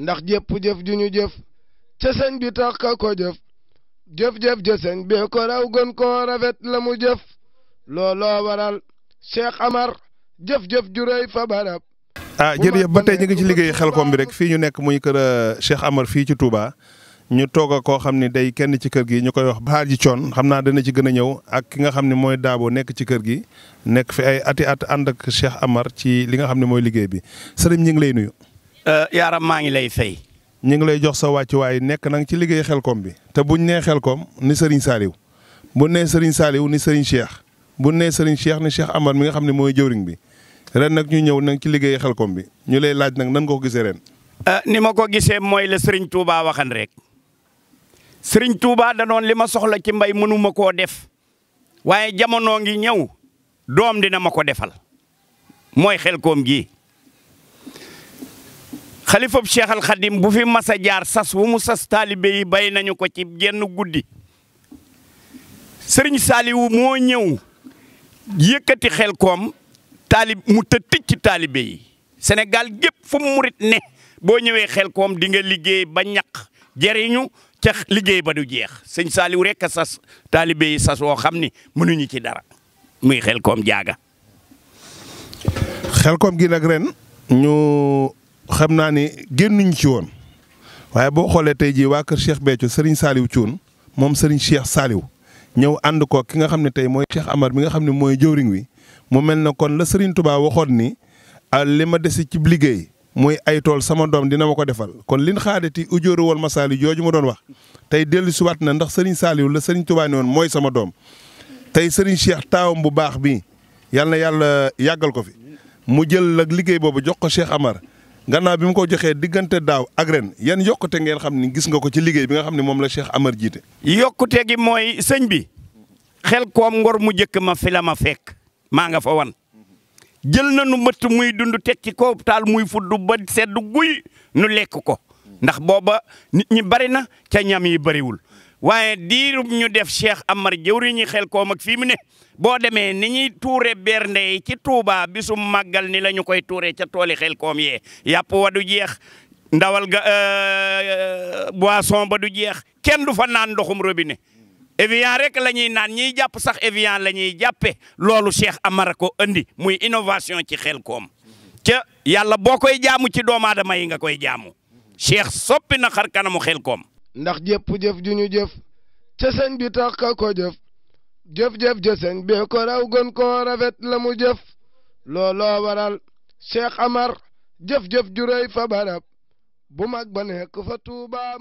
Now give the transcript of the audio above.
ndax jep jëf juñu jef, ca señ bi tax ka ko jëf jëf-jëf ja señ be ko raw gon ko rafet la mu jëf lolo waral Cheikh Amar jëf-jëf ju rëy fa barab ah jërëjëf yeb batay ñi ngi ci liggéey xelkom bi rek fi ñu nek muy keur Cheikh Amar fi ci Touba ñu toga a xamni day kenn ci kër gi ñu koy wax baal ji cion xamna dana ci gëna ñew ak ki nga xamni moy Daabo ci kër gi nek fi ay ati at and ak Cheikh Amar ci li nga xamni moy liggey bi serigne ñi ngi lay nuyu Euh, yaaram maa ngi lay fay. ñu ngi lay jox sa wàccuwaay nekk nang ci liggéey xelkom bi te buñ nee xelkom ni Serigne Saliou bu nee Serigne Saliou ni Serigne Cheikh bu nee Serigne Cheikh ni Cheikh Amar mi nga xam ne mooy jëwriñ bi ren nag ñu ñëw nag ci liggéey xelkom bi ñu lay laaj nag nan nga ko gisee ren. Euh, ni ma ko gisee mooy la Serigne Touba waxan rek sëriñ Touba danoon li ma soxla ci mbay mënuma koo def waaye jamono ngi ñëw doom dina ma ko defal mooy xelkom gi xalifab Cheikh Al Khadim bu fi masa jaar sas wu mu sas taalibe yi bay nañu ko ci genn guddi sëriñ Saliou moo ñëw yëkkati xel koom taalib mu tëj ci taalibe yi Sénégal gépp fu mu murit ne boo ñëwee xel koom dinga liggéey ba ñaq jëriñu ca liggéey ba du jeex sëñ Saliou rekk a sas taalibe sas woo xam ni mënuñu ci dara muy xel koom jaaga. xel koom gi nag ren ñu. xam naa ne génnuñ ci woon waaye boo xoolee tey jii waa kër Cheikh Béthio Serigne Saliou Thioune moom Serigne Cheikh saaliw ñëw ànd ko ki nga xam ne tey mooy Cheikh Amar bi nga xam ne mooy jëwriñ wi mu mel na kon la Serigne tubaa waxoon ni ah, li ma des ci liggéey mooy ay tool sama doom dina ma ko defal kon liñ xaadati ujóoru wal masaali jooju ma doon wax tey dellu si waat na ndax Serigne saaliw la Serigne Touba ne woon mooy sama doom tey Serigne Cheikh taawam bu baax bi yal yàlla yàggal ko fi mu jël nag liggéey boobu jox ko Cheikh Amar gannaaw bi mu ko joxee diggante daaw ak ren yan yokkute ngeen xam ni gis nga ko ci liggéey bi nga xam ne moom la Cheikh Amar jiite. yokkute gi mooy sëñ bi xel koom ngor mu njëkk ma fi la ma fekk maa nga fa wan jël na nu mbëtt muy dund tek ci ko taal muy fuddu ba sedd guy nu lekk ko ndax booba nit ñi bari na ca ñam yi bariwul. waaye diirub ñu def Cheikh Amar jëwriñi xel koom ak fii mu ne boo demee ni ñuy tuure bernde yi ci Touba bisum màggal ni lañu koy tuure ca tooli xel koom yee yàpp wa du jeex ndawal ga euh, euh, boison ba du jeex kenn du fa naan ndoxum robinet Evian rek la ñuy naan ñiy jàpp sax Evian la ñuy jàppee loolu Cheikh Amar ko andi muy innovation ci xel koom ca yàlla boo koy jaamu ci doom aadama yi nga koy jaamu Cheikh soppi na xar kanamu xel koom ndax jëpp jëf ju ñu jëf ca bi tax ka ko jëf jëf-jëf ja sëñ bi ko raw gën koo rafet la mu jëf looloo Amar jëf-jëf ju fa barab bu mag ba nekk fa Tuubaa